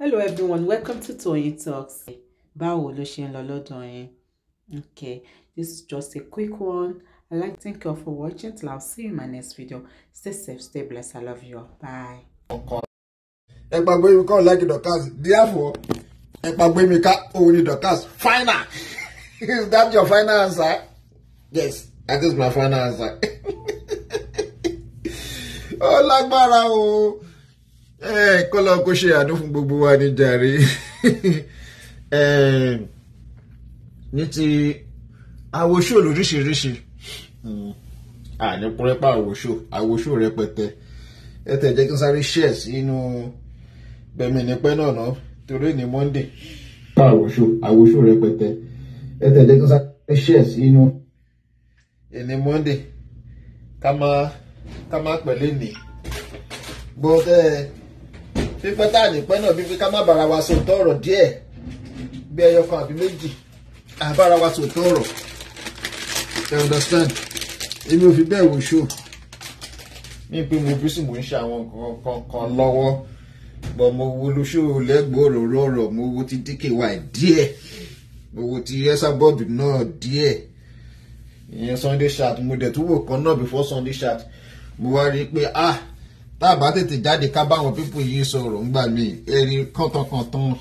hello everyone welcome to Toyeen Talks báwo ló ṣe ń lọ lọ́dọ̀ yín okay this is just a quick one i like to thank you all for watching till i see you in my next video stay safe stay blessed i love you all bye. ẹ gbàgbé mi kọ́ like Dorkas therefore ẹ gbàgbé mi ká òun ni Dorkas final is that your final answer yes that is my final answer ó lágbára o kọ́lọ́ kó ṣe àánú fún gbogbo wa ní jàre ní ti àwòṣó lóríṣiríṣi àníkúrẹ́pà àwòṣó àwòṣó rẹpẹtẹ ẹ tẹ̀ jẹ́ kí n sáré ṣẹ̀ sínú bẹ̀mí nípẹ́ náà ná torí ní Monday pa àwòṣó àwòṣó rẹpẹtẹ ẹ tẹ̀ jẹ́ kí n sáré ṣẹ̀ sínú ẹni Monday ká má ká má pẹ̀lẹ́ nì gbọ́dọ̀ ẹ pípẹ́ tá à ní pẹ́ náà bí pé ká má bára wa sòótọ́ ọ̀rọ̀ díẹ̀ bí ẹyọ kan àbí méjì àbára wa sòótọ́ ọ̀rọ̀ you understand èmi ò fi bẹ́ẹ̀ wò ṣó ní pé mo bí sì mò ń ṣe àwọn nǹkan kan lọ́wọ́ bọ́ mo wo lóṣù lẹ́gbọ̀ọ́rọ̀ rọ̀rọ̀ mo wo ti dky díẹ̀ mo wo ti ẹ̀sàbọ́ọ̀dù náà díẹ̀ ìyẹn Sunday chat mo dẹ̀ tún wò kan náà before Sunday chat mo wá rí i pé ah tá a bá tètè jáde ká báwọn pípò yìí sọ̀rọ̀ ńgbà mí èrè kọ̀tọ̀kọ̀tàn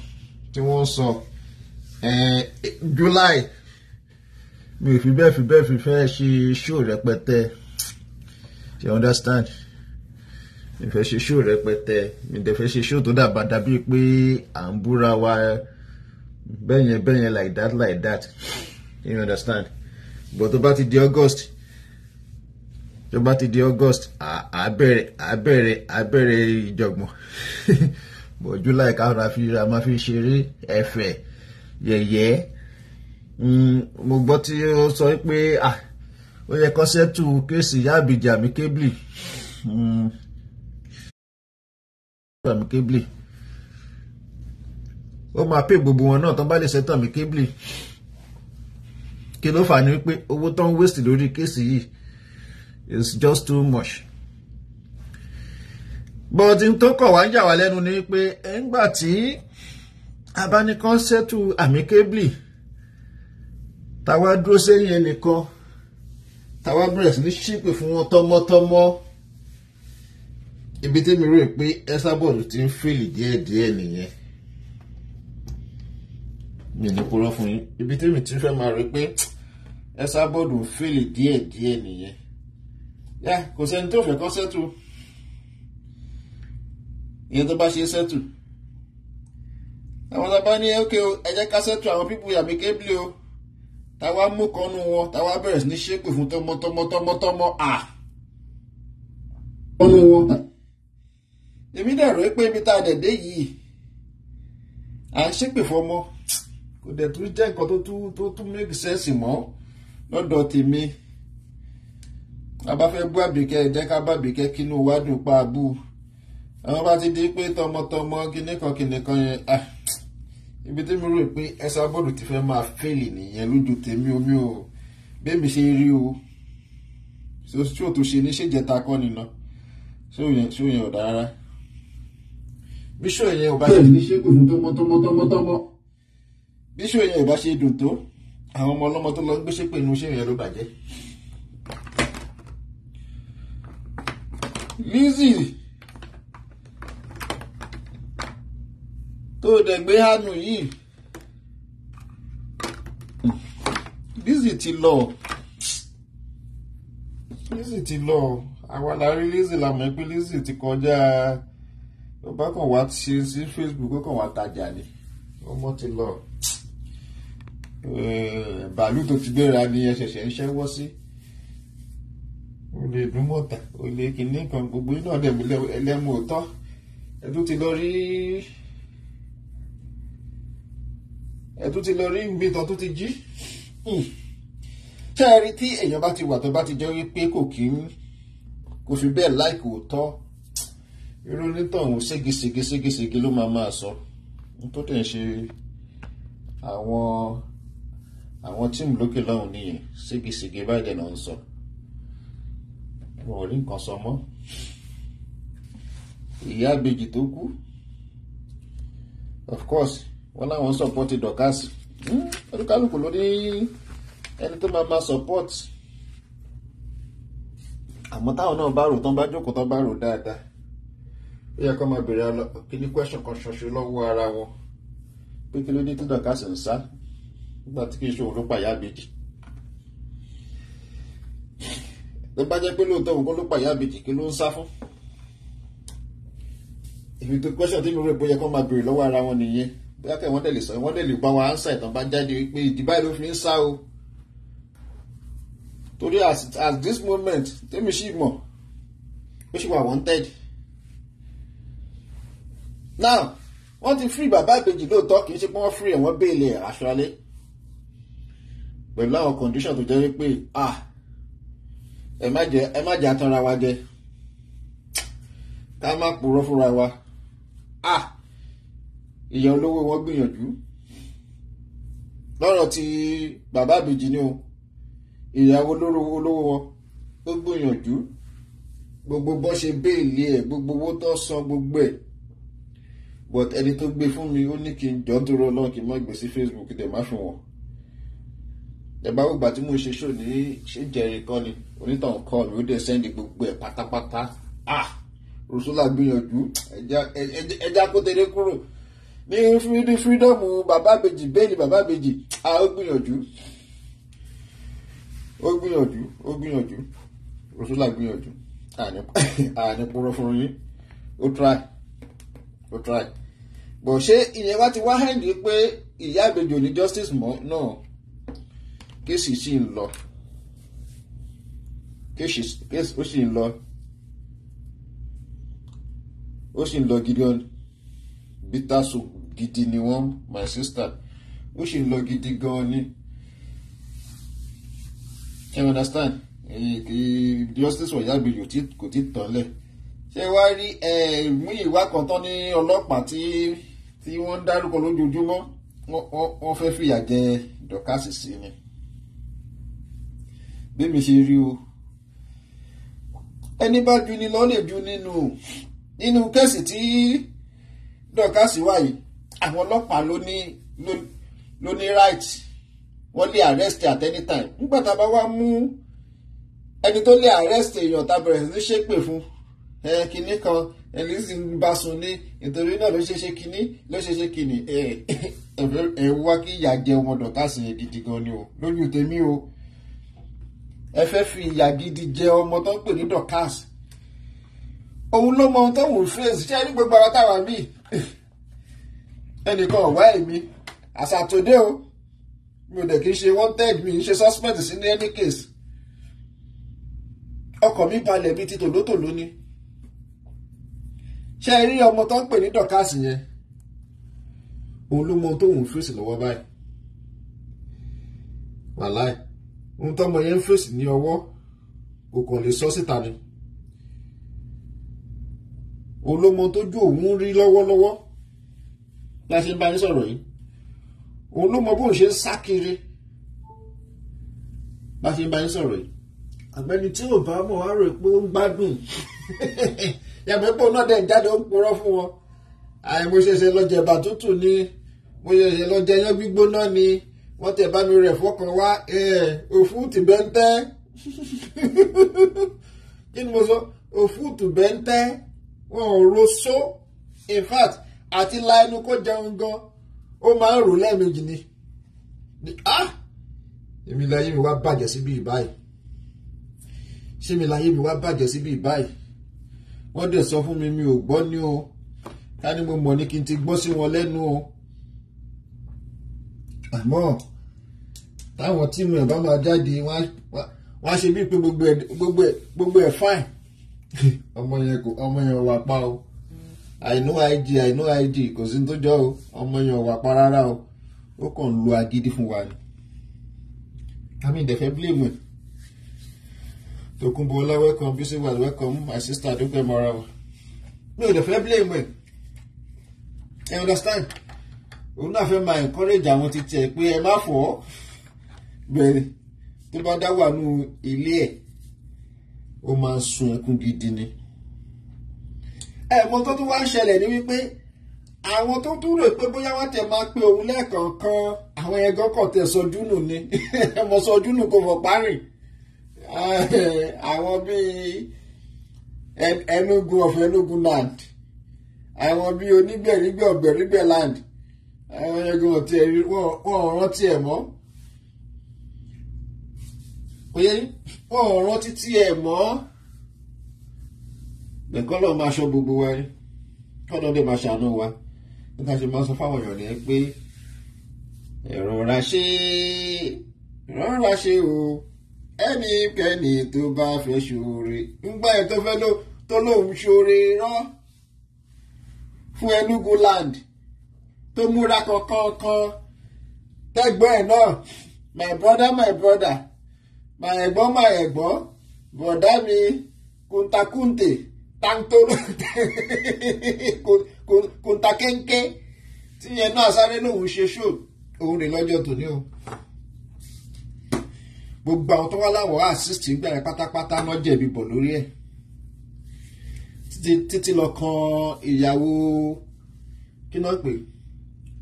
tí wọ́n sọ July mi ò fi bẹ́ẹ̀ fi bẹ́ẹ̀ fi fẹ́ ṣe show rẹpẹtẹ you understand mi fẹ́ ṣe show rẹpẹtẹ mi dẹ̀ fẹ́ ṣe show tó dàbà dàbí pé à ń búra wa bẹ́yẹn bẹ́yẹn like that like that you understand but tó bá ti di August tó bá ti di August àbẹ̀rẹ̀ àbẹ̀rẹ̀ àbẹ̀rẹ̀ ìjọ̀gbọ̀n bọ̀ July káwọn afira máa fi ṣeré ẹ̀fẹ̀ yẹ̀yẹ́ hmm, mo gbọ́ tí ó sọ pé ó yẹ kọ́sẹ́tù kéèsì ìyá àbíjà mi kébìlì hmm. mi kébìlì ó máa pè gbogbo wọn náà tán bá lè ṣẹ́tàn mi kébìlì kí ló fà ní wípé owó tán ń wéṣì lórí kéèsì yìí it's just too much. but n tó kọ̀ wá ń yà wá lẹ́nu ni pé ẹ̀ǹgbà tí abánikan ṣètò amicably táwa dúró sẹ́yìn ẹnìkan táwa bẹ̀rẹ̀ sí ní ṣípè fún wọn tọmọtọmọ ibi tẹ́mi rò pé Esabod ti ń fèlì díẹ̀díẹ̀ nìyẹn mi ní purọ́ fún yín ibi tẹ́mi ti fẹ́ máa rí pé Esabod ń fèlì díẹ̀díẹ̀ nìyẹn yá kò sẹ́ni tó fẹ́ kọ́ sẹ́tù ìyẹn tó bá ṣe sẹ́tù àwọn tábà ní ok o ẹ jẹ́ ká sẹ́tù àwọn pípù yàmí kébìlì o táwa mú kọnu wọn táwa bẹ̀rẹ̀ sí ní ṣépè fún tọmọtọmọtọmọtọmọ à kọnu wọn. èmi dẹ̀ rò pé ibi tá a dẹ̀ dé yìí à ń ṣépè fọmọ kò dẹ̀ tún jẹ́ nǹkan tó tún make sense mọ́ lọ́dọ̀ tèmi a bá fẹ́ bú àbíkẹ́ ẹ jẹ́ ká bá àbíkẹ́ kínú wa dùn pa àbú àwọn bá ti di pé tọmọtọmọ kìnìkan kìnìkan yẹn ah, ibi tí mo rò pé ẹsẹ bọ́ọ̀lù ti fẹ́ máa fẹ́ẹ̀lì nìyẹn lójú tèmi omi o bẹ́ẹ̀mi ṣe rí o tí o tó ṣe ní ṣèjẹta kọ́ nínà ṣé o yẹn ọ̀dà rárá bíṣọ yẹn ò bá ṣe ní ṣẹ́gun fún tọmọtọmọtọmọtọmọ bíṣọ yẹn ò bá ṣe dùn tó àwọn ọmọ ọlọ́mọ tó lọ ń gbéṣẹ́ pẹ̀lú ṣé yẹn ló bàjẹ́. Lizzy tó o dẹ̀ gbé hánú yìí Lizzy ti lọ Lizzy ti lọ àwa la rí Lizzy la mọ̀ pé Lizzy ti kọjá ọba kan wá ṣe sí Facebook ó kàn wá tajà ni ọmọ ti lọ bàálù tó ti gbéra ni ẹ ṣẹ̀ṣẹ̀ ń ṣẹ́wọ́ sí. Si olè ìdúmọ̀tà olè kìnìún kan gbogbo iná dẹ̀mí ẹlẹ́mu òótọ́ ẹ tún ti lọ rí ẹ tún ti lọ rí nbí tán tún ti jí hmm. ṣé ẹ rí tí èèyàn bá ti wà tó bá ti jẹ́ pé kò kí ń kò fi bẹ́ẹ̀ láìkò òótọ́ irú onítọ̀hún ségesège ségesège ló máa máa sọ tó tẹ̀ ń ṣe àwọn àwọn tíìmù lókè lọ́hùn nìyẹn ségesège báyìí dẹ̀ náà ń sọ wọn ò rí nǹkan sọ mọ́ ìyá àbèjì tó kú of course wọn láwọn support Dorkas hmm, olúkálùkù ló ní ẹni tó máa máa support àmọ́ táwọn náà bá rò tán bá jókòó tán bá rò dáadáa ó yẹ kó máa béèrè kíní question kan ṣoṣo lọ́wọ́ ara wọn pé kí ló dé tí Dorkas ń sá nígbà tí kì í ṣe òun ló pa ìyá àbèjì ló bá jẹ́ pé lóòótọ́ òun kọ́ ló pàyà àbèjì kí ló ń sá fún. ibi tó question tí mo rò pé yẹ kó máa béèrè lọ́wọ́ ara wọn nìyẹn bóyá kẹ́ wọ́n tẹ̀lé sọ wọ́n tẹ̀lé bá wọn ánsà ìtàn bá jáde pé ìdí báyìí ló fi ń sá o. torí as as this moment tèmi sì mọ̀ ó sì wà wanted. now wọ́n ti free bàbá ìbejì lóòótọ́ kì í ṣe pé wọ́n free ẹ̀ wọ́n béèlè aṣọ alẹ́ pẹ̀lú àwọn condition tó jẹ́ pé ah ẹ má jẹ ẹ má jẹ atanra wa jẹ ká má purọ́ fúnra wa ah ìyá olówó wọn gbìyànjú lọ́rọ̀ ti bàbá àbèjì ni o ìyàwó olówó olówó wọn ó gbìyànjú gbogbo bó ṣe béèlì ẹ gbogbo owó tó san gbogbo ẹ but ẹni tó gbé fún mi ó ní kí n jọ ń dúró lọ́n kí n má gbé sí Facebook dẹ̀ má fi wọ̀n ẹ̀ bá wò gbà tí mo ṣe ṣò ní ṣèjẹ̀rẹ̀ kan ni onítàn kọlù ó dẹ̀ sẹ́ndì gbogbo ẹ̀ pátápátá ah Ursula gbìyànjú ẹja kótéré kúrò ní fírídọ́mù bàbá àbèjì bẹ́ẹ̀ni bàbá àbèjì ah ó gbìyànjú ó gbìyànjú ó gbìyànjú Ursula gbìyànjú àní púrọ́ fún yín ó try ó try bọ̀ ṣé ìyẹn wá ti wá hẹ́ndì pé ìyá àbèjì ò ní justice mọ́ náà kí sì sì ń lọ kéṣì ó sì ń lọ ó sì ń lọ gideon bitaso gidi ni wọ́n my sister ó sì ń lọ gidi gan ni can you understand justice for Yagbe kò tí tán lẹ̀ ṣé wá rí mú ìwà kan tán ní ọlọ́pàá tí wọ́n ń dárúkọ lójoojúmọ́ wọ́n fẹ́ fìyà jẹ dọ̀kásì sí ni bí mi ṣe rí o ẹni bá ju ni lọ lè ju nínú nínú kẹ́sì tí dọ́kàsì wà yìí àwọn ọlọ́pàá ló ní ló ní right wọ́n lè arrest at any time nígbà tá a bá wá mú ẹni tó lè arrest èèyàn tá a bẹ̀rẹ̀ sí ṣépè fún ẹ kinní kan ẹni sì ń bá sùn ní nítorí náà ló ṣe ṣe kinní ló ṣe ṣe kinní ẹ ẹ wá kí ìyà jẹ ọmọ dọ̀kàsì yẹn gidi gan ni o lójú tèmi o ẹ fẹ́ fi ìyà gidi jẹ ọmọ tó ń pè ní Dorcas òun ló mọ ohun tó wù phrase ṣé ní gbogbo ara táwa míì ẹnìkan ọ̀wá èmi àṣàtòdé o mi ò dẹ̀ kí n ṣe wanted mi n ṣe suspect sí ní any case ọkàn mi balẹ̀ bíi ti tòlótòló ni ṣé ẹ rí ọmọ tó ń pè ní Dorcas yẹn òun ló mọ ohun tó wù phrase lọ́wọ́ báyìí wàláì ohun tọ́mọ yẹn ń fèsì ní ọwọ́ kò kàn lè sọ síta ni olómọ tójú òun rí lọ́wọ́lọ́wọ́ bá ṣe ń bá yín sọ̀rọ̀ yìí òun ló mọ bóun ṣe ń sá kiri bá ṣe ń bá yín sọ̀rọ̀ yìí àgbẹni tí ò bá mọ̀ wá rò pé ó ń gbádùn yàgbẹ́ pé ọ̀nà dẹ̀ jáde ó ń purọ́ fún wọn àì mo ṣẹ̀ṣẹ̀ ni mo ṣẹ̀ṣẹ̀ lọ jẹyán gbígbóná ni wọ́n tẹ̀ bá mi rẹ̀ fọkàn wá òfú tì bẹ́ńtẹ́ kí ni mo sọ òfú tì bẹ́ńtẹ́ wọn ò ro so in fact àti la ẹnu kó jẹun gan ó máa ń rò lẹ́ẹ̀mejì ni ah èmi láyé mi wá bàjẹ́ síbi ìbáyìí ṣé mi láyé mi wá bàjẹ́ síbi ìbáyìí wọ́n dẹ̀ sọ fún mi mi ò gbọ́ ní o ká ní mo mọ̀ ní kí n ti gbọ́ sí wọn lẹ́nu o àmọ́ táwọn tíìmù ẹ̀ bá máa jáde wọ́n á ṣe bíi pé gbogbo ẹ̀ fáìn ọmọ yẹn kò ọmọ yẹn wà pa o àìnú ig àìnú ig kò sí tó jọ o ọmọ yẹn wà pa rárá o ó kàn lo agídí fún wa ni àmì ìdẹ̀fẹ́ blame ẹ̀ Tókunbọ̀ Ọlá welcome Bísí wà welcome my sister Adúpẹ́ mọ́ra o mi ò dẹ̀fẹ́ blame ẹ̀ ẹ̀ understand òun náà fẹ́ máa encourage àwọn títí ẹ̀ pé ẹ má fọ́ bẹ̀rẹ̀ tó bá dá wà nù ilé ẹ̀ ó máa sun ẹkún gidi ni. ẹ̀mọ́ tó tún wá ń ṣẹlẹ̀ ni wípé àwọn tó tún rò pé bóyá wọ́n tẹ̀ máa pe òun lẹ́ẹ̀kọ̀ọ̀kan àwọn ẹ̀gọ́ kọ̀ tẹ̀ sọjú nù ni ẹ̀mọ́ sọjú nù kò fọ̀ párìn àwọn bíi Enugu of land àwọn bíi onígbẹ̀rígbẹ̀ ọ̀gbẹ̀rígbẹ̀ land àwọn ẹgbẹ́ ọ̀tí ẹ̀ wọ́n rántí ẹ̀ mọ́ oyè wọ́n rántí tí ẹ̀ mọ́ nìkan lọ́ọ́ máa ṣọ́ gbogbo wa ni kọ́ńdọ́ dé máa ṣàánú wa nígbà tí máa sọ fáwọn èèyàn nìyẹn pé ìrora ṣe ìrora ṣe o ẹnì kẹ́ni tó bá fẹ́ ṣoore ńgbà ẹ̀ tó fẹ́ tó lóun ṣoore rán fún Enugu land tó múra kankan kan tẹ́gbọ́n ẹ̀ náà my brother my brother my ẹ̀gbọ́n my ẹ̀gbọ́n bọ̀dá mi kuntakunte tantoro kuntakenke tí yẹn náà sáré lòun ṣe ṣó òun rè lọ́jọ́ tòní o gbogbo àwọn tó wá láwọ̀ assist gbẹ̀rẹ̀ pátápátá náà jẹ̀bi bọ̀ lórí ẹ̀ títí lọ kan ìyàwó kí náà pè é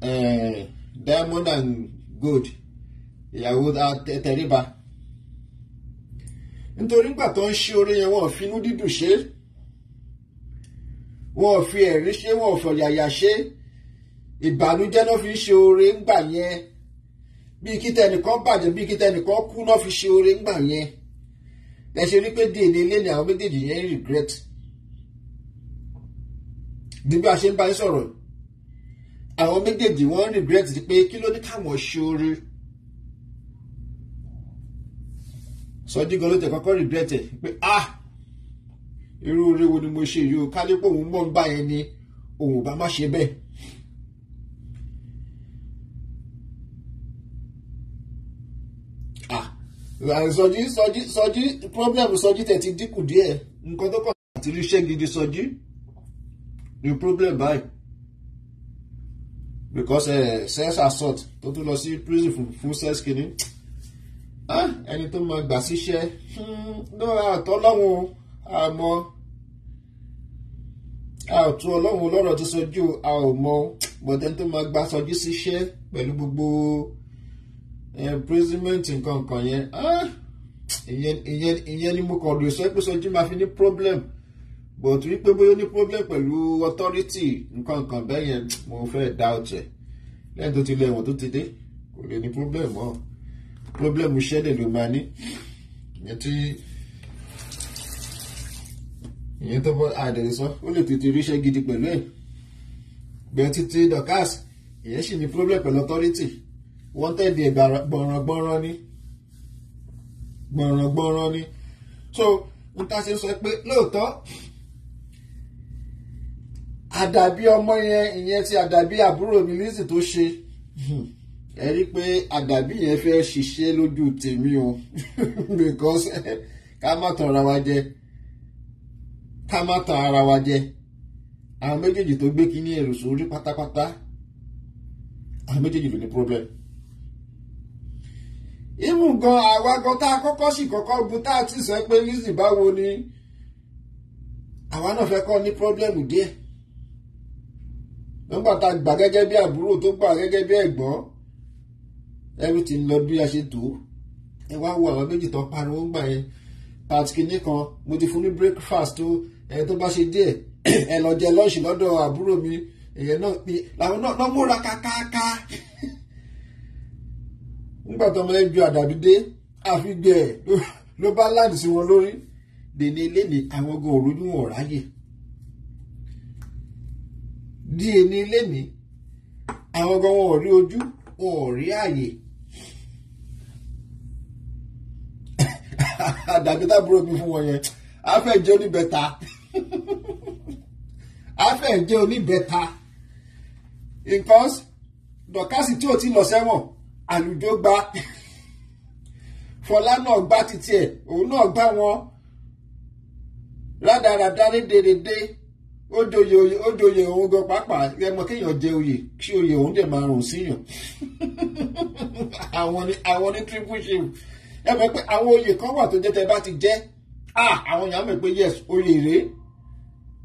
uh, diamond and gold ìyàwó tẹríba nítorí gbà tó ń ṣe oore yẹn wọn ò fi inú dídùn ṣe wọn ò fi ẹ̀rín ṣe wọn ò fọ̀yàyà ṣe ìbànújẹ́ náà fi ń ṣe oore ńgbà yẹn bíi kí tẹnìkan bàjẹ́ bíi kí tẹnìkan kú náà fi ṣe oore ńgbà yẹn ẹ ṣe rí pé díẹ̀ ilé ni àwọn méjèèjì yẹn regret bí bí a ṣe ń bá yín sọ̀rọ̀ yìí àwọn méjèèjì wọ́n regret ti pé kí ló ní káwọn ṣoore Sọjí gan ló tẹ̀ kọ́kọ́ regret ẹ̀ pé ah irú oore wo ni mo ṣe yìí o kálípò òun mọ̀ ń bá yẹn ni òun ò bá má ṣe bẹ́ẹ̀. Ah, Sọjí Sọjí Sọjí problem Sọjí tẹ̀ ti dínkù díẹ̀ nǹkan tó kàn láti ríṣẹ́ gidi Sọjí ni problem báyìí because uh, eh, sex assault tó tún lọ sí prison fún, fún sex kìíní ah, ẹni tó máa gbà síṣẹ́ hmm, náà tọ́ lọ́wọ́ àmọ́ a ò tún ọlọ́run ọlọ́rọ̀ ti sọjú a ò mọ bọ̀dẹ́ tó máa gbà sọjú síṣẹ́ pẹ̀lú gbogbo eh, imprisonment nǹkan kan yẹn ah, ìyẹn ni mo kàn rò sọ pé sọjú máa fi ní problem bọ̀ torí pé bóyá ó ní problem pẹ̀lú authority nǹkan kan bẹ́ẹ̀ yẹn mo fẹ́ doubt ẹ̀ lẹ́yìn tó ti lọ ẹ̀wọ̀n tó ti dé kò lè ní problem mọ́ problem ṣẹ́lẹ̀ ló máa ní ìyẹn tí ìyẹn tó bọ́ àdẹ̀rẹ̀ sọ ó lè tètè ríṣẹ́ gidi pẹ̀lú ẹ̀ bẹ́ẹ̀ títí Dorkas ìyẹn sì ní problem pẹ̀lú authority wanted ẹ̀ gbọ̀nràngbọ̀nràn ni gbọ̀nràngbọ̀nràn ni so n ta ṣe sọ pé lóòótọ́ àdàbí ọmọ yẹn ìyẹn ti àdàbí àbúrò mi Lizzy tó ṣe ẹ rí i pé àdàbí yẹn fẹ́ ṣiṣẹ́ lójú tèmi o because ká má tan ara wa jẹ ká má tan ara wa jẹ àwọn méjèèjì tó gbé kínní ẹ̀rù sórí pátápátá àwọn méjèèjì ló ní problem ìmú gan àwa gan tá a kọ́kọ́ sì kọ́kọ́ bu tá a ti sọ pé Lizzy báwo ni àwa náà fẹ́ kọ́ ní problem díẹ̀ nígbà tá a gbà gẹ́gẹ́ bí àbúrò tó gbà gẹ́gẹ́ bí ẹ̀gbọ́n everything lọ bí a ṣe tó ẹ wá wo àwọn méjì tó pariwo ń gbà yẹn part kìíní kan mo ti fún ní breakfast tó ẹ tó bá ṣe díẹ̀ ẹ lọ jẹ lọ́ọ̀ṣì lọ́dọ̀ àbúrò mi èèyàn náà mi làwọn náà náà múra kákáká nígbà tó ọmọ yẹn ju àdàbí dé àfi gbẹ ló bá láǹdì sí wọn lórí dèní ilé ní àwọn ogun òru ni wọn ò ráyè di ẹni lẹ́ni àwọn gan wọn ò rí ojú wọn ò rí àyè àdàbí tábúrò mi fún wọn yẹn afẹ́ jẹ́ oníbẹ̀ta afẹ́ jẹ́ oníbẹ̀ta because dọ̀kásì tí ò ti lọ sẹ́wọ̀n àlùjọ gba fọlá náà gbá títí ẹ̀ òun náà gbá wọn rádaràdá rédèrèdè ó joyè oyè ó joyè òun gan pàápàá ẹmọ kéèyàn jẹ oyè kí oyè òun dẹ̀ máa rùn síyàn àwọn ní àwọn triple shield ẹ mọ̀ pé àwọn oyè kan wà tó jẹ́ tẹ́ bá ti jẹ́ àwọn èèyàn mọ̀ pé yes oyè rèé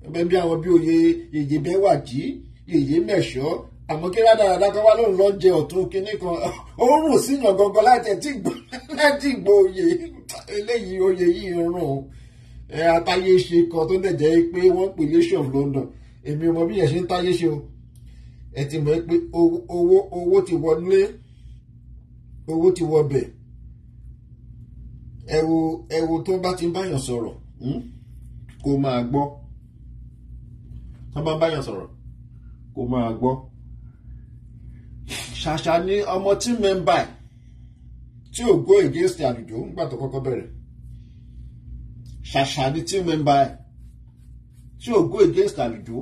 ẹgbẹ́ bí àwọn bí oyè yèyé bẹ́wà jí yèyé mẹ̀ṣọ́ àmọ́ kí rádaràdá kan wá lóun lọ jẹ ọ̀tún kinní kan ó rùn síyàn gangan láti ẹ̀ tí oyè eléyìí oyè yìí ń rùn atáyé ṣe kan tó dẹ̀ jẹ́ pé wọ́n pè nation of London èmi ò mọ bí yẹn ṣe ń táyé ṣe o ẹ ti mọ̀ pé owó owó ti wọlé owó ti wọ bẹ̀ ẹ̀wò ẹ̀wò tó bá ti ń báyàn sọ̀rọ̀ hmm, kó máa gbọ́ tó bá ń báyàn sọ̀rọ̀ kó máa gbọ́ ṣàṣà ni ọmọ tí mẹ́ńbà tí ò go against àdùdó ńgbà tó kọ́kọ́ bẹ̀rẹ̀ ṣàṣà ni team member ẹ̀ ṣé o go against àlùjọ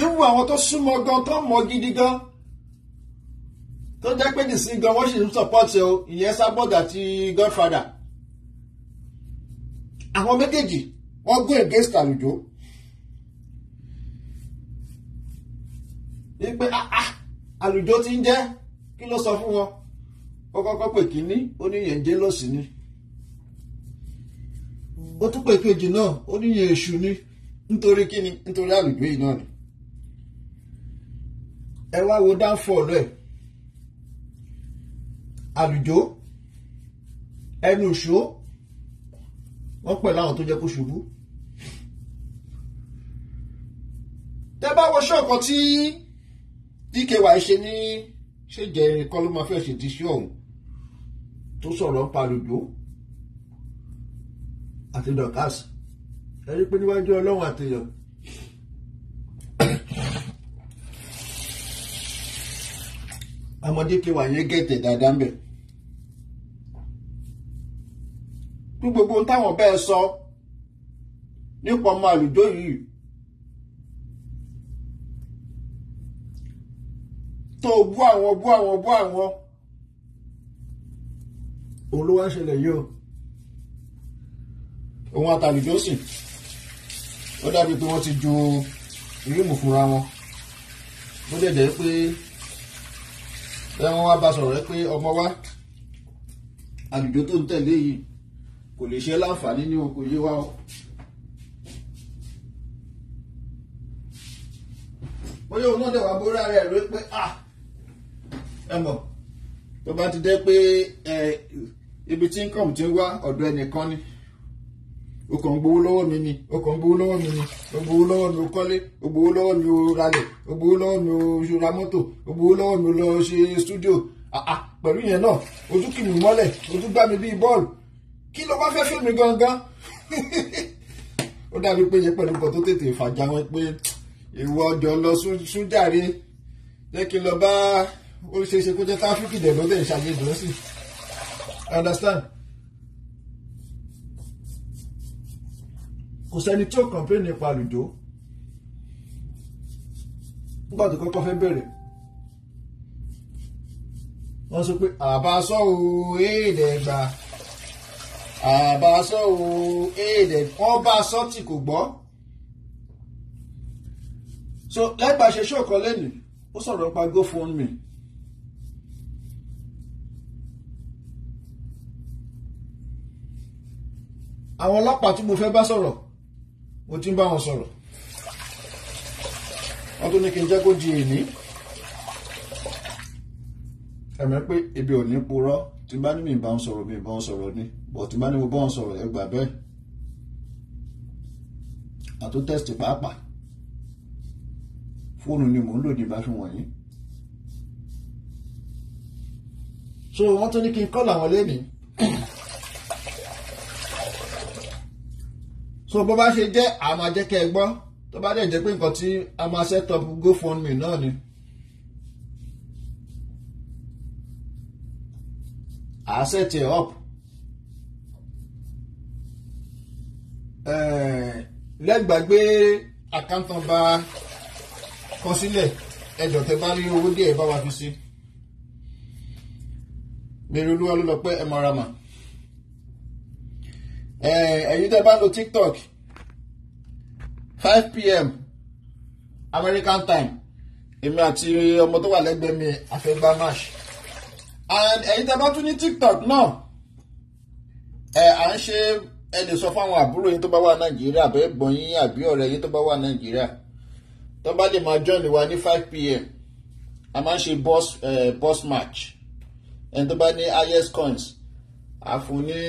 irú àwọn tó súnmọ́ gan tó mọ̀ gidi gan tó jẹ́ pé nìsín gan wọ́n sì ń support ẹ o ìyẹn Esabod àti Godfather àwọn méjèèjì wọ́n go against àlùjọ wípé ah, ah, àlùjọ ti ń jẹ́ kí ló sọ fún wọn ó kọ́kọ́ pè kínní ó ní ni ó tún pè kejì náà ó níyẹn èṣù ni nítorí kíni nítorí àlùjọ yìí náà ni ẹ wá wo dáńfọ̀ọ̀lù ẹ̀ àlùjọ ẹnu ìṣó wọ́n pẹ̀lú àwọn tó jẹ́ kó ṣubú. tẹ́ bá wo ṣọ́ọ̀kan tí dky ṣe ní ṣèjẹ́ kọ́ ló máa fẹ́ ṣètìṣẹ́ ọ̀hún tó sọ̀rọ̀ ń pa àlùjọ àti Dorcas ẹ rí pé níwájú Ọlọ́run àtèèyàn ọmọdé kẹwàá yẹn gẹ̀tẹ̀ dáadáa ń bẹ̀. bí gbogbo ohun táwọn bẹ́ẹ̀ sọ nípa ọmọ àlùjọ yìí tó bú àwọn bú àwọn bú àwọn olówó ṣẹlẹ̀ yìí o òun àtàlùjọ sì ó dàbí pé wọ́n ti ju rímù fúnra wọn bó dẹ̀ jẹ́ pé ẹ̀wọ̀n wá bá sọ̀rọ̀ rẹ pé ọmọ wa àlùjọ tó ń tẹ̀lé yìí kò lè ṣe láǹfààní ní oko yé wa o. bóyá òun náà dẹ̀ wá bóra rẹ̀ rí pé ah ẹ mọ̀ tó bá ti dé pé ibi tí ń kọ̀ọ̀mù ti ń wá ọ̀dọ̀ ẹnìkan ni o kàn ń gbowó lọ́wọ́ mi ni o kàn ń gbowó lọ́wọ́ mi ni o gbowó lọ́wọ́ mi o kọ́lé o gbowó lọ́wọ́ mi o ralẹ̀ o gbowó lọ́wọ́ mi o ra mọ́tò o gbowó lọ́wọ́ mi o lọ ṣe stúdíò àà pẹ̀lú yẹn náà o tún kì mí mọ́lẹ̀ o tún gbá mi bíi bọ́ọ̀lù kí ló wá fẹ́ fún mi gangan ó dàbí pé yẹn pẹ̀lú nǹkan tó tètè fàjà wọn pé ìwọ ọjọ́ lọ sójàre jẹ́ kí n lọ bá ó kó jẹ́ káfíńkì dẹ̀ lọ́dẹ̀ ìṣàjẹjọ́ sí understand. kò sẹ́ni tí ó complain nípa àlùjọ nígbà tó kọ́kọ́ fẹ́ bẹ̀rẹ̀ wọ́n sọ pé àbáṣọ́ o èèdẹ̀gbà àbáṣọ́ o èèdẹ̀gbà wọ́n bá aṣọ tí kò gbọ́ so lẹ́gbàá ṣe ṣòkan lẹ́nu ó sọ̀rọ̀ nípa GoFundMe. àwọn ọlọ́pàá tí mo fẹ́ bá sọ̀rọ̀ mo ti ń bá wọn sọ̀rọ̀ wọ́n tó ní kí n jẹ́ kó di èní ẹ̀mẹ́ pé ebi ò ní purọ́ tí bá ní mi bá ń sọ̀rọ̀ mi bá ń sọ̀rọ̀ ni bọ̀ tí bá ní mo bá ń sọ̀rọ̀ ẹ gbà bẹ́ẹ̀ àtó tẹ́sítì pàápàá fóònù ni mò ń lò ní ìbáṣu wọ̀nyí. so wọ́n tó ní kí n kọ́ làwọn lẹ́nìí so bó bá ṣe jẹ́ a máa jẹ́ kẹ́ ẹ gbọ́ tó bá dẹ̀ jẹ́ pé nǹkan tí a máa set up GoFundMe náà ni. a set it up. Eh, lẹ́gbàgbé account number kọ sílẹ̀ ẹjọ́ tẹ bá rí owó díẹ̀ bá wa fi sí. Mèrè Olúwa ló lọ pé ẹ mọ̀ra mà ẹ̀yin tẹ́ bá ń lo tiktok five pm american time èmi àti ọmọ tó wà lẹ́gbẹ̀ẹ́ mi àfẹ́gbá mash and ẹ̀yin tẹ́ bá tún ní tiktok náà ẹ̀ à ń ṣe ẹ lè sọ fáwọn àbúrò yín tó bá wà nàìjíríà bẹ́ẹ̀ gbọ́n yín àbí ọ̀rẹ́ yín tó bá wà nàìjíríà tó bá lè máa join wa ní five pm a máa ń ṣe boss uh, boss match ẹni tó bá ní highest coins a fún ní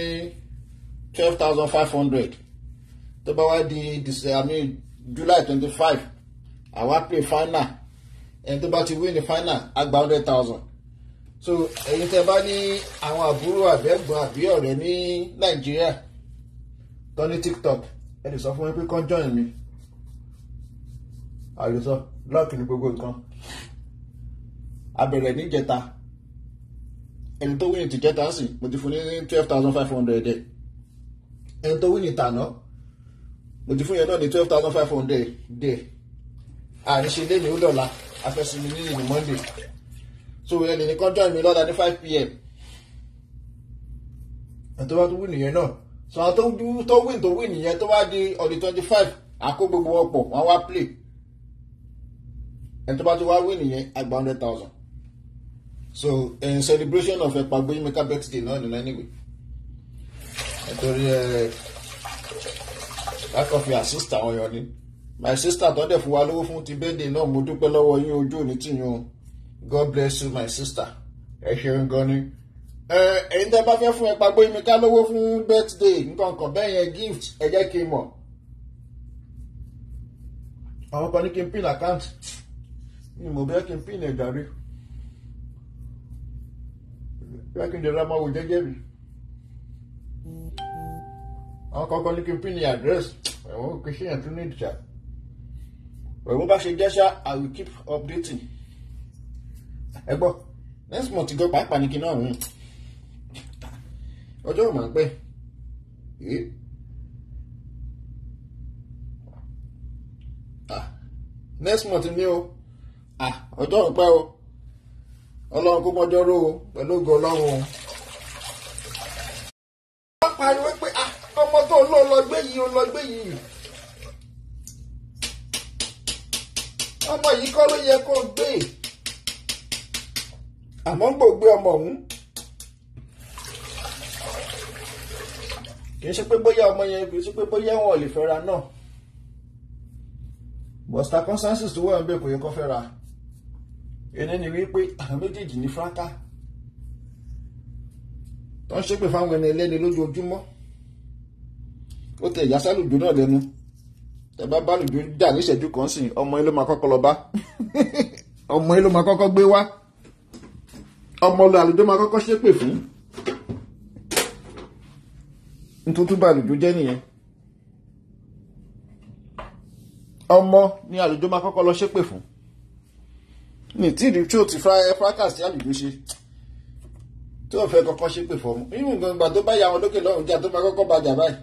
twelve thousand five hundred tó bá wá di mean, july twenty five àwa play final ẹni tó bá ti win the final á gba hundred thousand so ẹ̀yin tẹ́ bá ní àwọn àbúrò àbẹ́gbọ́n àbí ọ̀rẹ́ ní nàìjíríà tó ní tiktok ẹ lè sọ fún mi pé kán join mi àlùsọ lọ́ọ̀kì ní gbogbo nǹkan abẹ̀rẹ̀ níjẹta ẹni tó win ti jẹta sí mo ti fún ní twelve thousand five hundred ẹ̀ ẹni tó wí ní ìtànà mo ti fún yẹn náà ní twelve thousand five hundred dé àríṣe lẹ́nu ó dọ̀la afẹ́sìnmi ní ìlú monday so ẹni ní kọ́ńtọ́ mi lọ́la ní five pm ẹni tó bá tún wí nìyẹn náà so àwọn tó wí tó wí nìyẹn tó bá di ọ̀dẹ̀ twenty five àkó gbogbo wọn pọ̀ wọn wá play ẹni tó bá tún wá wí nìyẹn àgbà hundred thousand so in celebration of ẹ̀pàgbé yìí mẹ́ka birthday náà nìyẹn anyway nítorí ẹ lákàn fi àsísítà wọn yọ ni my sister tó dẹ̀ fún wa lówó fún ti bẹ́ẹ̀dì náà mo dúpẹ́ lọ́wọ́ yín ojú òní tì yín o god bless you my sister ẹ ṣeun gan ni. ẹ̀yin tẹ́ bá fẹ́ fún ẹpa gbé mi ká lówó fún birthday nǹkan kan bẹ́ẹ̀ yẹn gift ẹ jẹ́ kí n mọ̀ àwọn kan ní kí n pin account ni mo bẹ́ẹ̀ kí n pin ẹ̀dá rí bẹ́ẹ̀ kí n dẹ̀ ra máa wò jẹ́jẹ́ mi àwọn kọ́kọ́ ní kí n pín ní àdírẹ́sì ẹ̀wọ̀n kì í ṣe yẹn tún ní ìdíjà ẹ̀wọ̀n bá ṣe jẹ́ ṣá I will keep updating ẹ next month gan pàápàá ní kí náà rìn ọjọ́ ò máa pẹ́ ah, next month ni o ah, ọjọ́ ò pẹ́ o ọlọ́run kó mọ́jọ́ ró o pẹ̀lú ògo ọlọ́run o. yẹ kó gbé àmọ́ ń gbò gbé ọmọ ọ̀hún kì í ṣe pé bóyá ọmọ yẹn kì í ṣe pé bóyá wọn ò lè fẹ́ra náà but circumstances tó wà ń bẹ kò yẹ kó fẹ́ra ẹni ni wípé àwọn méjèèjì ní fúráká tó ń ṣépè fáwọn ẹni ẹlẹ́ni lójoojúmọ́ ó tẹ ìyá sálùjù náà lẹ́nu tẹ́bá bá lùdú dà níṣẹ́jú kan sìn ọmọ yín ló máa kọ́kọ́ lọ bá ọmọ yín ló máa kọ́kọ́ gbé wá ọmọ lọ àlùjọ máa kọ́kọ́ ṣépè fún nítorí bá àlùjọ jẹ́ nìyẹn ọmọ ni àlùjọ máa kọ́kọ́ lọ ṣépè fún ní tí ìdí tí ó ti fracas tí àlùjọ ṣe tí ó fẹ́ kọ́kọ́ ṣépè fún ọmọ nínú ìgbà tó bá ya àwọn lókè lọ́rùn jà tó bá kọ́kọ́ bàjà báyìí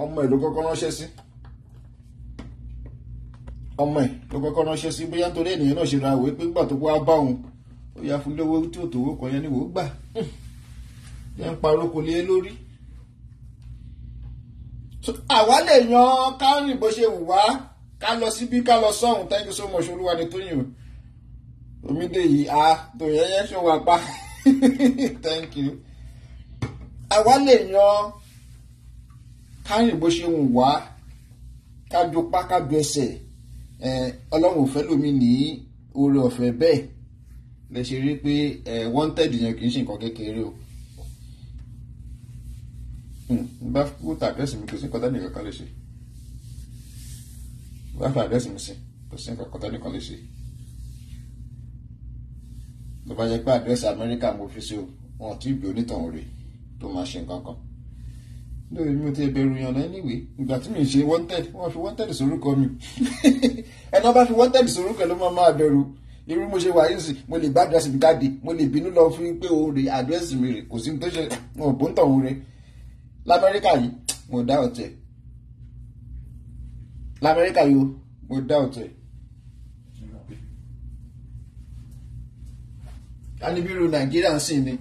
ọmọ ẹ̀ ló kọ́kọ́ ránṣẹ́ sí. Si ọmọ ẹ̀ ló kọ́kọ́ ránṣẹ́ sí bóyá torí ènìyàn náà ṣe ra àwẹ̀ pé nígbà tó wá bá òun ó yá fún lówó tí ò tówó kan yẹn ni wò ó gbà jẹ́ ń parọ́ kò lé e lórí. àwa lè yan kárìn bó ṣe wù wá ká lọ síbí ká lọ sọ́hún thank you so much olúwa ni tóyìn omídèyí a tòyẹyẹ ṣòwò apá thank you àwa lè yan kárìn bó ṣe wù wá ká ju pa ká ju ẹsẹ̀ ọlọ́run ò fẹ́ lómi ní oore ọ̀fẹ́ bẹ́ẹ̀ lè ṣe rí pé wanted yẹn kì í ṣe nǹkan kékeré o hmm, bá kú tàdírẹ́sì mi kò sí nǹkan tẹ́nì kankan lè ṣe bá fà àdírẹ́sì mi sí kò sí nǹkan tẹ́nì kan lè ṣe tó pé àdírẹ́sì Amẹ́ríkà mo fi ṣe wọn ò tí onítàn òre tó máa ṣe nǹkan kan mo ti ẹbẹ̀rù yànnà anyway ìgbà tí mi ṣe wanted wọ́n fi wanted sórúkọ mi ẹni wọ́n bá fi wanted sórúkọ ló máa máa bẹ̀rù irú mo ṣe wà yìí sí mo lè gbá àdírẹ́sì mi jáde mo lè bínú lọ fún pé o rè àdírẹ́sì mi rè kò sí tó ṣe wọn ò bóńtọ̀ òun rè lamẹ́ríkà yìí mo dá ọ̀tẹ̀ lamẹ́ríkà yìí mo dá ọ̀tẹ̀. tánibírò nàìjíríà ń sìn ni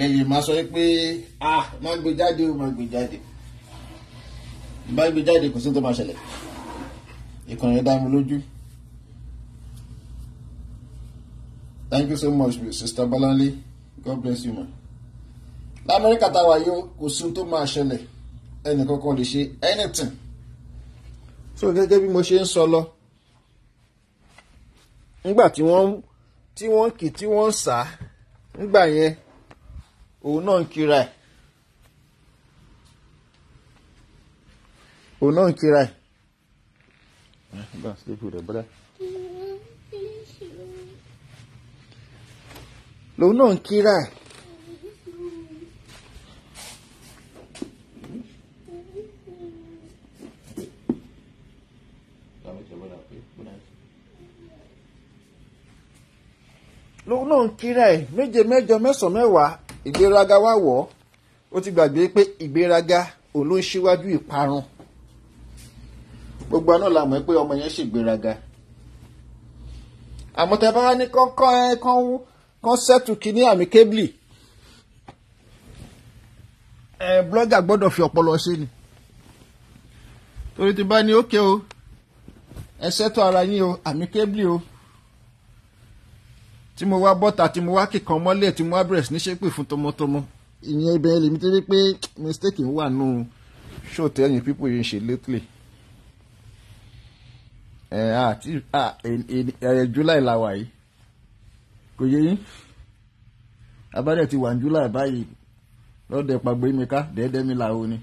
lẹ́yìn máa sọ pé máa gbé jáde ó máa gbé jáde bá gbé jáde kò sí tó máa ṣẹlẹ̀ ìkànnì dá mi lójú. thank you so much sister Balanle god bless you ma. lamẹ́ríkà táwa yóò kò sí tó máa ṣẹlẹ̀ ẹnì lè ṣe anything. so gẹ́gẹ́ bí mo ṣe ń sọ lọ nígbà tí wọ́n tí wọ́n ń kì tí wọ́n ń sà á nígbà yẹn òun náà ń kira ẹ̀ òun náà ń kira ẹ̀. lòun náà ń kira ẹ̀. lòun náà ń kíra ẹ̀ méje mẹ́jọ mẹ́sàn-án mẹ́wàá ìgbéraga wá wọ̀ ọ́ ó ti gbàgbé pé ìgbéraga òun ló ń ṣíwájú ìparun gbogbo náà la mọ̀ pé ọmọ yẹn ṣègbéraga àmọ́ tẹ́ bá ní kọ́ńkọ́ ẹ kán sẹ́tù kínní àmì kébìlì ẹ blọ́gà gbọ́dọ̀ fi ọpọlọ ṣe ni torí ti bá ní ókè o ẹ sẹ́tù ara yín o àmì kébìlì o tí mo wá bọ́ta tí mo wá kíkan mọ́lẹ̀ tí mo wá bẹ̀rẹ̀ sí ní ṣépè fún tọmọtọmọ ìyẹn ibẹ̀ lèmi tó rí pé mistake ń wà nù ṣòtẹ́ ẹ̀yìn people yìí ń ṣe lately ẹ̀ àti ẹ̀ July la wà yìí kò yé yín abájá ti wà ní July báyìí lọ́dẹ̀ pàgbé mi ká dẹ́ẹ́dẹ́ mi làwọn ni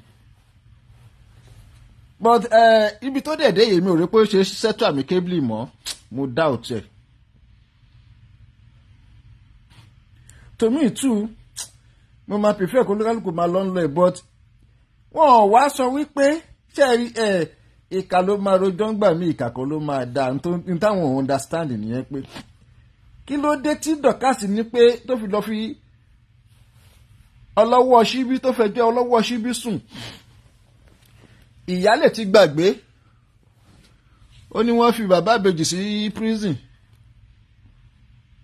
but ibi tó dẹ̀ dé yèmí ò rí pé ó ṣe ṣẹ́tù àmì kébìlì mọ́ mo doubt ẹ̀. to me too mo máa prefer kó olúkálùkù máa lọ ń lọ ẹ̀ but wọn ò wá sọ wípé ṣe ẹ ìkà ló máa rojọ́ ń gbà mí ìkà kan ló máa dáa ní táwọn ò understand nìyẹn pé kí ló dé tí dọ̀kásì ni pé tó fi lọ fi ọlọ́wọ́ ṣíbí tó fẹ́ jẹ́ ọlọ́wọ́ ṣíbí sùn ìyálẹ̀ ti gbàgbé ó ní wọ́n fi bàbá àbèjì sí prison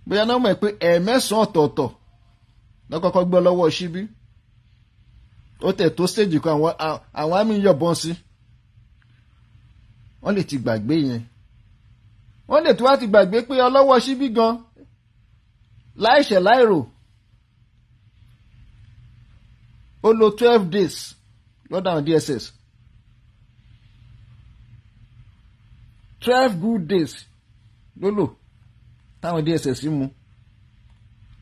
bóyá náà mọ̀ pé ẹ̀ẹ̀mẹ́sàn-án ọ̀tọ̀ọ̀tọ̀ lọ́kọ́kọ́ gbọ́ lọ́wọ́ síbí ó tẹ̀ tó stage kan àwọn àmì yọ̀bọ̀n sí wọ́n lè ti gbàgbé yẹn wọ́n lè tó wá ti gbàgbé pé ọlọ́wọ́ síbí gan láìṣẹ̀ láìrò ó lò twelve days lọ́dọ̀ àwọn DSS twelve good days ló lò táwọn DSS mú. Si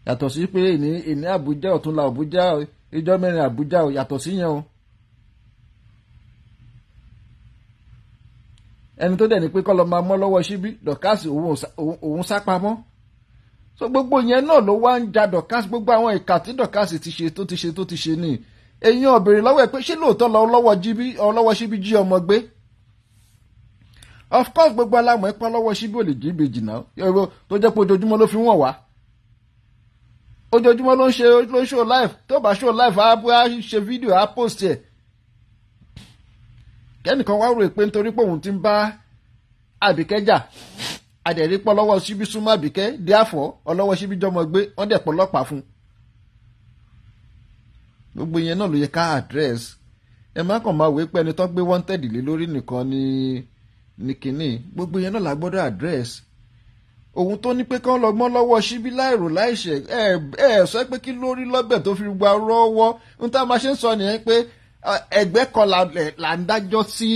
yàtọ̀ sí pé ìní ìní Àbújá ọ̀túnla Àbújá ìjọ mẹ́rin Àbújá ò yàtọ̀ sí yẹn o. ẹni tó dẹ̀ ní pé kọ́lọ́ máa mọ́ lọ́wọ́ síbí dọ̀kásì òun sá pamọ́ so gbogbo yẹn náà ló wá ń ja dọ̀kásì gbogbo àwọn ìka tí dọ̀kásì ti ṣe tó ti ṣe tó ti ṣe nìyí èyí ò lọ́wọ́ ẹ̀ pé ṣé lóòótọ́ lọ ọlọ́wọ́ síbí jí ọmọ gbé of course gbogbo alámọ̀ ẹ̀ pọ́n lọ́wọ́ síbí ò lè jí ìbejì náà tó jẹ́ pé ojoojúmọ́ ló fi wọ́n wá ojoojúmọ́ ló ń ṣe ló ń show live tó bá show live á bá ṣe fídíò á post ẹ̀ kẹ́nìkan wá rò pé nítorí pé òun ti ń bá àbíkẹ́ jà àdẹ̀rí pọ̀ lọ́wọ́ síbi súnmọ́ àbíkẹ́ dé àfọ́ ọlọ́wọ́ síbi jọmọ gbé wọ́n dẹ̀ pọ̀ lọ́pàá fún un gbogbo yẹn náà ló yẹ ká address ẹ má kàn máa wé pé ẹni tó gbé wanted lé lórí nìkan ni ni kínní gbogbo yẹn náà la gbọ́dọ̀ address òun tó ní pé kán lọ́gbọ́n lọ́wọ́ síbí láìrò láìṣẹ̀ ẹ ẹ sọ pé kí ló lọ́bẹ̀ tó fi gba rọ́wọ́ ohun tá a máa ṣe ń sọ nìyẹn pé ẹgbẹ́ kan là ń dájọ́ sí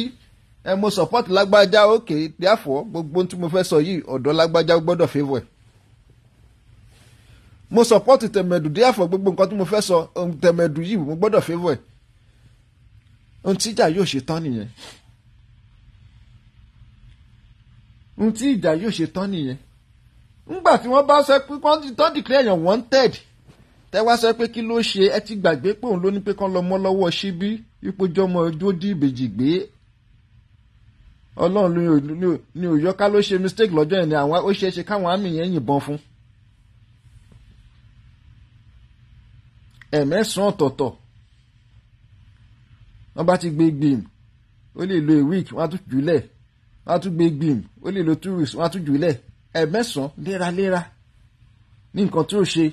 mo support lágbájá òkè díàfọ́ gbogbo tí mo fẹ́ sọ yìí ọ̀dọ́ lágbájá gbọ́dọ̀ favour ẹ̀ mo support tẹ̀mẹ̀dù díàfọ́ gbogbo nǹkan tí mo fẹ́ sọ tẹ̀mẹ̀dù yìí mo gbọ́dọ̀ favour ẹ̀ ohun tíjà yóò ṣe tán nìyẹn ohun tí ìjà yóò ṣe tán nìyẹn ńgbà tí wọ́n bá sọ pé tó declare èèyàn wanted tẹ́ wá sọ pé kí ló ṣe ẹ ti gbàgbé pé òun ló ní pé kán lọ mọ́ lọ́wọ́ síbí ipò jọmọ ojú ó dí ìbejì gbé ọlọ́run ni òyọ́ká ló ṣe mistake lọ́jọ́ yẹn ni àwọn ó ṣeé ṣe káwọn àmì yẹn yìnbọn fún. ẹ̀mẹ́sàn-án ọ̀tọ̀ọ̀tọ̀ wọ́n bá ti gbé gbìm ó lè lo a week wọ́n á tún jùlẹ̀ wọ́n á tún gbé gbìm ó lè lo two weeks wọ́n á tún jùlẹ̀ ẹ̀mẹ́sàn-án léraléra ní nǹkan tí ó ṣe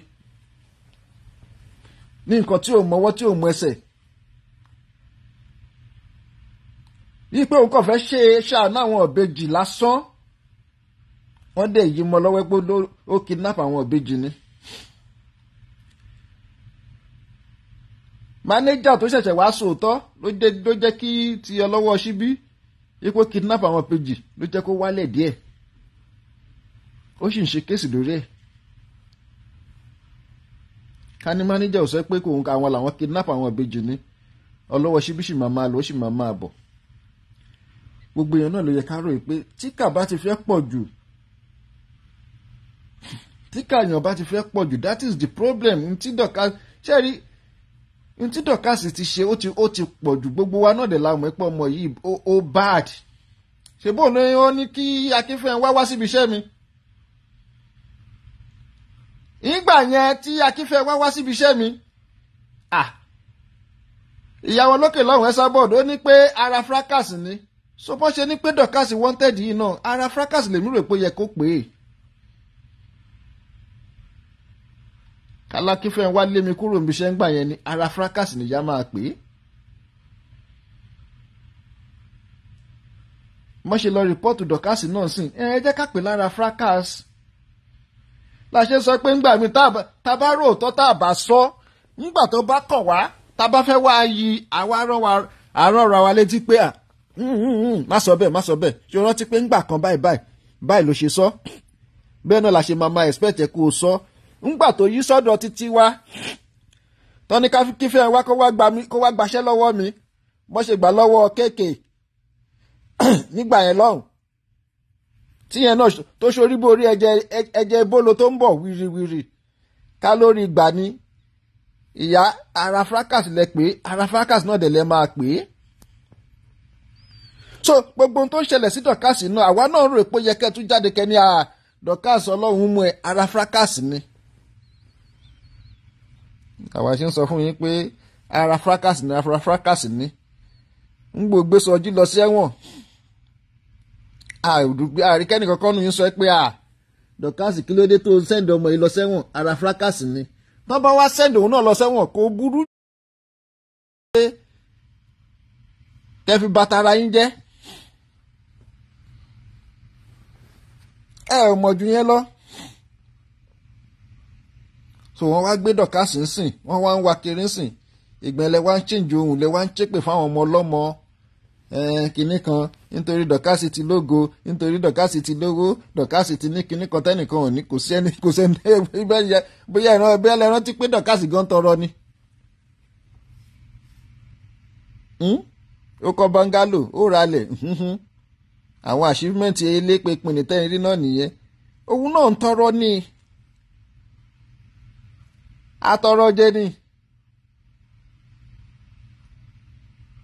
ní nǹkan tí ò mọwọ́ tí ò mọ ẹsẹ̀ yí pé òun kàn fẹ́ ṣe ṣàánú àwọn ọ̀bejì lásán wọ́n dẹ̀ yí mọ lọ́wọ́ pé ó kidnap àwọn ọ̀bejì ni. mánéjà tó ṣẹ̀ṣẹ̀ wá sòótọ́ ló jẹ́ kí ti ọlọ́wọ́ ṣíbí yí pé kidnap àwọn ọ̀bejì ló jẹ́ kó wálẹ̀ díẹ̀ ó sì ń ṣe kéèsì lórí ẹ̀ ká ní mánéjà ò sọ pé kò ń ka àwọn làwọn kidnap àwọn ìbejì ni ọlọ́wọ́ ṣíbíṣì máa máa lọ ó bọ̀ gbogbo èèyàn náà ló yẹ ká ròyìn pé tí bá ti fẹ́ pọ̀ jù tí kàyàn bá ti fẹ́ pọ̀ jù that is the problem ntí dọ̀ka ṣẹ́rí ntí dọ̀ka sì ti ṣe ó ti ó ti pọ̀ jù gbogbo wa náà dẹ̀ la mọ̀ pé ọmọ yìí ó bad ṣe bóun ni ó ní kí akínfẹ́ wá wá síbi iṣẹ́ mi ìgbà yẹn tí akínfẹ́ wá wá síbi iṣẹ́ mi ah. ìyàwó lókè lọ́hùn ẹ̀ sábọ̀dọ̀ ó ní pé ara fracas ni so bó ṣe ní pé dọ̀kásì wanted yìí náà ara fracas lèmi rò pé yẹ kó pè é. kálákífẹ́ wá lé mi kúrò níbi iṣẹ́ ń gbà yẹn ni ara fracas nìyá máa pè é. mo ṣe lọ rìpọ́ọ̀tù dọ̀kásì náà sìn ẹ jẹ́ ká pè lára fracas. la ṣe sọ pé ńgbà mi tá bá ròótọ́ tá a bá sọ ńgbà tó bá kàn wá tá a bá fẹ́ wá yí àwa àrọ́ra wa létí pé à má sọ bẹ́ẹ̀ má sọ bẹ́ẹ̀ ṣe rántí pé ńgbà kan báyìí báyìí báyìí ló ṣe sọ bẹ́ẹ̀ náà la ṣe máa máa expect ẹ̀ kó o sọ ńgbà tó yí sọ́dọ̀ títí wá tọ́ni káfíńkífẹ́ wá kó wá gbaṣẹ́ lọ́wọ́ mi bọ́ ṣe gbà lọ́wọ́ kéèké nígbà yẹn lọ́hùn tíyẹn náà tó ṣorí borí ẹ̀jẹ̀ ẹ̀jẹ̀ tó ń bọ̀ wiriwiri ká lórí gbà ni ìyá ara fracas pé ara fracas náà dẹ̀ lẹ máa pè é so gbogbo tó ń ṣẹlẹ̀ sí dọ̀kásì náà àwa náà rò pé yẹ kẹ́ tún jáde kẹ́ ní ẹ ara ni àríkẹ́ni kankan nù yín sọ pé à dọ̀kásì kí ló dé tó sẹ́ǹdì ọmọ yìí lọ sẹ́wọ̀n ara fúrákàsì ni tó bá wá sẹ́ǹdì òun náà lọ sẹ́wọ̀n kó burú. tẹ́fi bàtàrà yín jẹ́ ẹ ò mọ̀ ju yẹn lọ. so wọ́n wá gbé dọ̀kásì ń sìn wọ́n wá ń wa kiri ń sìn ìgbẹ́lẹ̀ wá ń chíǹjú òun lẹ̀ wá ń ṣépè fáwọn ọmọ ọlọ́mọ kìnnìkan nítorí dọ̀kásì ti lógo nítorí dọ̀kásì ti lówó dọ̀kásì ti ní kinní kan tẹ́nìkan ò ní kò sẹ́ni kò sẹ́ni bóyá ìran ẹbí ẹlẹ́ran ti pé dọ̀kásì gan tọrọ ni. Hmm? ó kọ́ bọ́ngálò ó ralẹ̀ àwọn achievement elépè pinni tẹ́yìn rí náà nìyẹn òun náà ń tọrọ ni atọrọ jẹ ni.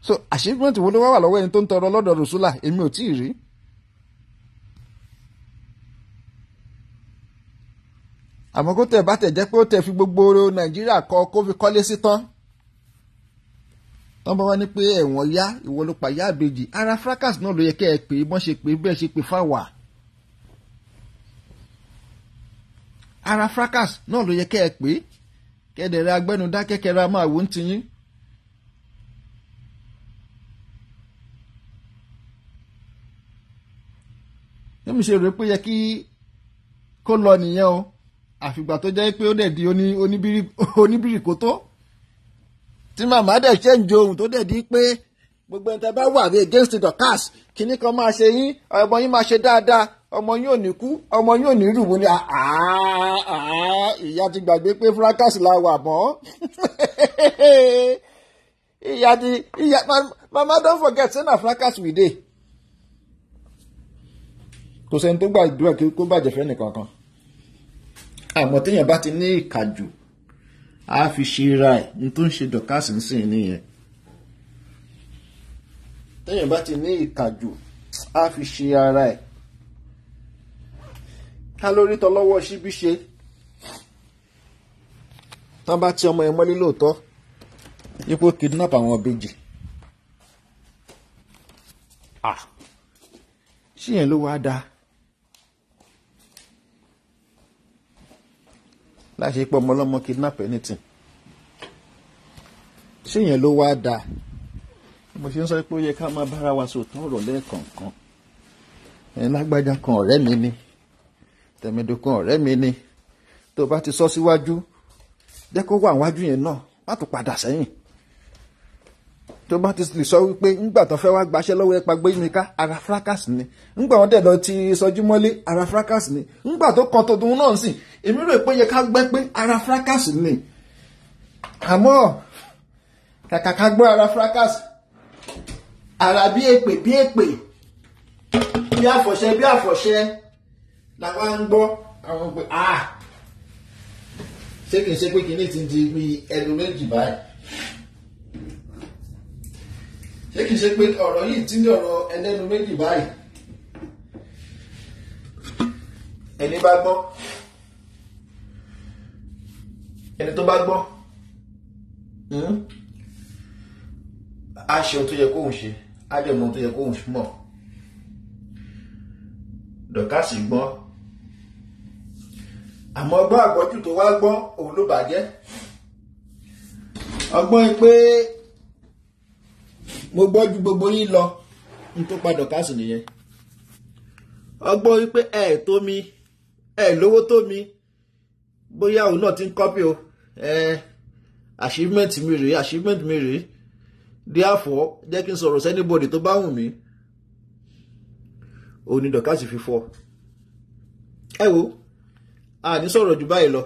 so achievement wo ló wá wà lọ́wọ́ ẹni tó ń tọrọ lọ́dọ̀ rùsùlà èmi ò tí ì rí. àmọ́ kó tẹ̀ bá tẹ̀ jẹ́ pé ó tẹ̀ fi gbogbo nàìjíríà kọ kó kọ́lé sí tán tọ́n wá ní pé ẹ̀wọ̀n yá ìwọ ló pa ìyá àbèjì ara fracas náà ló yẹ kẹ́ ẹ pè é bọ́n ṣe pè é bẹ́ẹ̀ ṣe pè fáwà. ara fracas náà ló yẹ kẹ́ ẹ pè é kẹ́dẹ̀rẹ́ agbẹ́nu dákẹ́kẹ́ra máa wò ń tiyín. èmi ṣe rò pé yẹ kí kó lọ nìyẹn o àfìgbà tó jẹ́ pé ó dẹ̀ di oníbìrì kó tó tí màmá dẹ̀ ṣe ń jo ohun tó dẹ̀ di pé gbogbo ẹni tẹ́ bá wà bí against the cast kínní kan máa ṣe yín ọmọ yín máa ṣe dáadáa ọmọ yín ò ní kú ọmọ yín ò ní rù mú ni ìyá ti gbàgbé pé fracas la wà mọ́ ìyá ti ìyá mama don't forget say na fracas we dey kò sẹ́ni tó gbàdúrà kí kó bàjẹ́ fẹ́ nìkankan àmọ́ téèyàn bá ti ní ìkàjù á fi ṣe ra ẹ̀ ní tó ń ṣe dọ̀kásì ń sìn nìyẹn téèyàn bá ti ní ìkàjù á fi ṣe ara ẹ̀ ká lórí tọlọ́wọ́ síbí ṣe tán bá ti ọmọ ẹ mọ́lé lóòótọ́ yípo kidnap àwọn ìbejì ṣíyẹn ló wá dáa. láṣẹ pé ọmọ ọlọ́mọ kidnap anything ṣé yẹn ló wá dáa mo ṣe ń sọ pé ó yẹ ká máa bára wa sòtún ọ̀rọ̀ lẹ́ẹ̀kọ̀ọ̀kan ẹ̀yin lágbájá kan ọ̀rẹ́ mi ni tẹ̀mẹ̀dùn ọ̀rẹ́ mi ni tó o bá ti sọ síwájú jẹ́ kó wà wájú yẹn náà má tún padà sẹ́yìn tó bá ti lè sọ wípé ńgbà tó fẹ́ wá gbaṣẹ́ lọ́wọ́ ẹ̀pà gbẹ́yìnmíká ara fracas ni ńgbà wọn dẹ̀dọ̀ ti sọjúmọ́lé ara fracas ni ńgbà tó kan tuntun náà sì èmi rò pé yẹ ká gbẹ́ pé ara fracas ni àmọ́ kàkà ká gbọ́ ara fracas ara bí èpè bí èpè bí àfọ̀ṣẹ bí àfọ̀ṣẹ làwa ń gbọ́ àwọn pé ah ṣé kìí ṣe pé kìíní ti di bí ẹnu méjì báyìí ṣé kìí ṣe pé ọ̀rọ̀ yìí ti ní ọ̀rọ̀ ẹlẹ́nu méjì báyìí ẹni bá gbọ́ ẹni tó bá gbọ́ á hmm? ṣe ohun tó yẹ kóhun ṣe á dẹ̀ mọ ohun tó yẹ kóhun mọ̀ dọ̀kásì gbọ́ àmọ́ ọgbọ́n àgbọ́jù tó wá gbọ́ òun ló bàjẹ́ ọgbọ́n pé mo gbọ́ ju gbogbo yín lọ n tó padà káàsì nìyẹn ọgbọ́n wípé ẹ tó mi ẹ lówó tó mi bóyá òun náà ti ń kọ́pì o ẹ achievement mi rèé achievement mi rèé therefore jẹ́ kí n sọ̀rọ̀ sẹ́nibọ̀dì tó bá wù mí òun ni dọ̀kásì fi fọ́ ẹ wo àní sọ̀rọ̀ jù báyìí lọ.